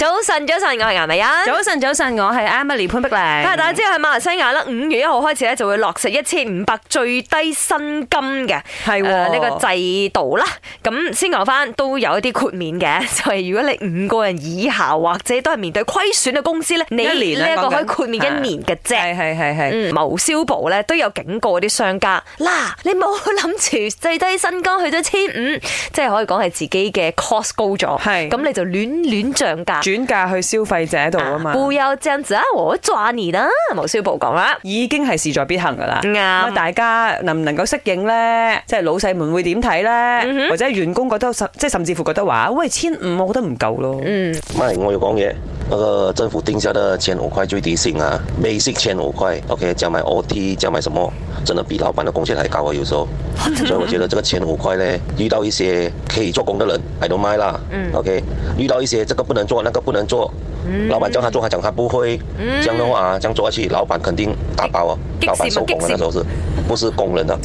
早晨，早晨，我係顏麗啊。早晨，早晨，我係 Emily 潘碧玲。大家知道喺馬來西亞啦，五月一號開始咧就會落實一千五百最低薪金嘅，係呢個制度啦。咁先講翻都有一啲豁免嘅，就係、是、如果你五個人以下或者都係面對虧損嘅公司咧，你呢一個可以豁免一年嘅啫。係係係係，貿消、嗯、部咧都有警告啲商家，嗱，你冇諗住最低薪金去咗千五，即係可以講係自己嘅 cost 高咗，係咁的你就亂亂漲價。轉嫁去消費者度啊嘛，會有這樣子啊，我賺你啦，毛少博講啦，已經係勢在必行噶啦，啊大家能唔能夠適應咧？即係老細們會點睇咧？或者員工覺得，甚即係甚至乎覺得話喂，千五我覺得唔夠咯，嗯，唔係我要講嘢。那個、呃、政府定下的千五塊最低薪啊，basic 千五塊，OK，將買 OT，將買什麼，真的比老闆的工錢還高啊，有時候，所以我覺得這個千五塊呢，遇到一些可以做工的人，I don't mind 啦、嗯、，OK，遇到一些這個不能做，那個不能做，嗯、老闆叫他做，他講他不會，這、嗯、樣的話，這樣做下去。老闆肯定打包啊，老闆收工嗰陣時候是，不是工人的、啊，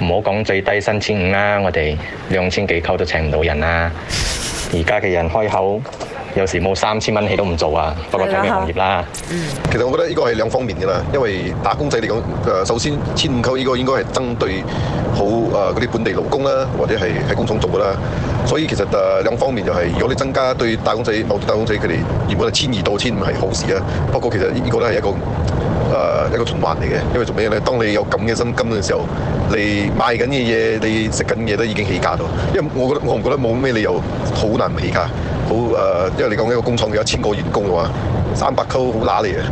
唔好講最低三千五啦，我哋兩千幾扣都請唔到人啊，而家嘅人開口，有時冇三千蚊起都唔做啊，不過睇咩行業啦。嗯，其實我覺得呢個係兩方面嘅啦，因為打工仔嚟講，誒首先千五級呢個應該係針對好誒嗰啲本地勞工啦，或者係喺工廠做噶啦。所以其實誒兩方面就係、是，如果你增加對打工仔，某啲打工仔佢哋原本係千二到千五係好事啊。不過其實呢個都係一個。誒一個循環嚟嘅，因為做咩咧？當你有咁嘅薪金嘅時候，你賣緊嘅嘢，你食緊嘢都已經起價咗。因為我覺得，我唔覺得冇咩理由好難起價，好誒、呃。因為你講緊一個工廠有千個員工嘅話，三百溝好乸嚟啊！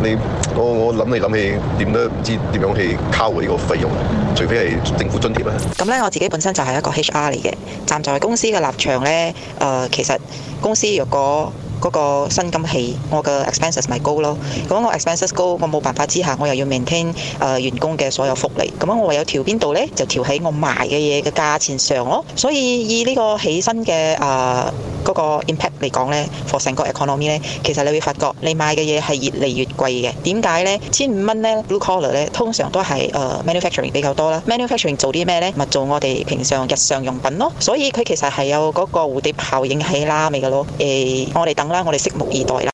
你我我諗嚟諗去，點都唔知點樣去扣呢個費用，除非係政府津貼啦。咁咧，我自己本身就係一個 HR 嚟嘅，站在公司嘅立場咧，誒、呃，其實公司若果。嗰個薪金起，我嘅 expenses 咪高咯。咁我 expenses 高，我冇辦法之下，我又要 maintain 誒、呃、員工嘅所有福利。咁我唯有調邊度呢？就調喺我賣嘅嘢嘅價錢上咯。所以以呢個起身嘅誒嗰個 impact 嚟講呢 f o r 成個 economy 呢，其實你會發覺你買嘅嘢係越嚟越貴嘅。點解呢？千五蚊呢 b l u e collar 呢，通常都係 manufacturing 比較多啦。manufacturing 做啲咩呢？咪做我哋平常日常用品咯。所以佢其實係有嗰個蝴蝶效應起啦，咪嘅咯。欸、我哋等。我哋拭目以待啦。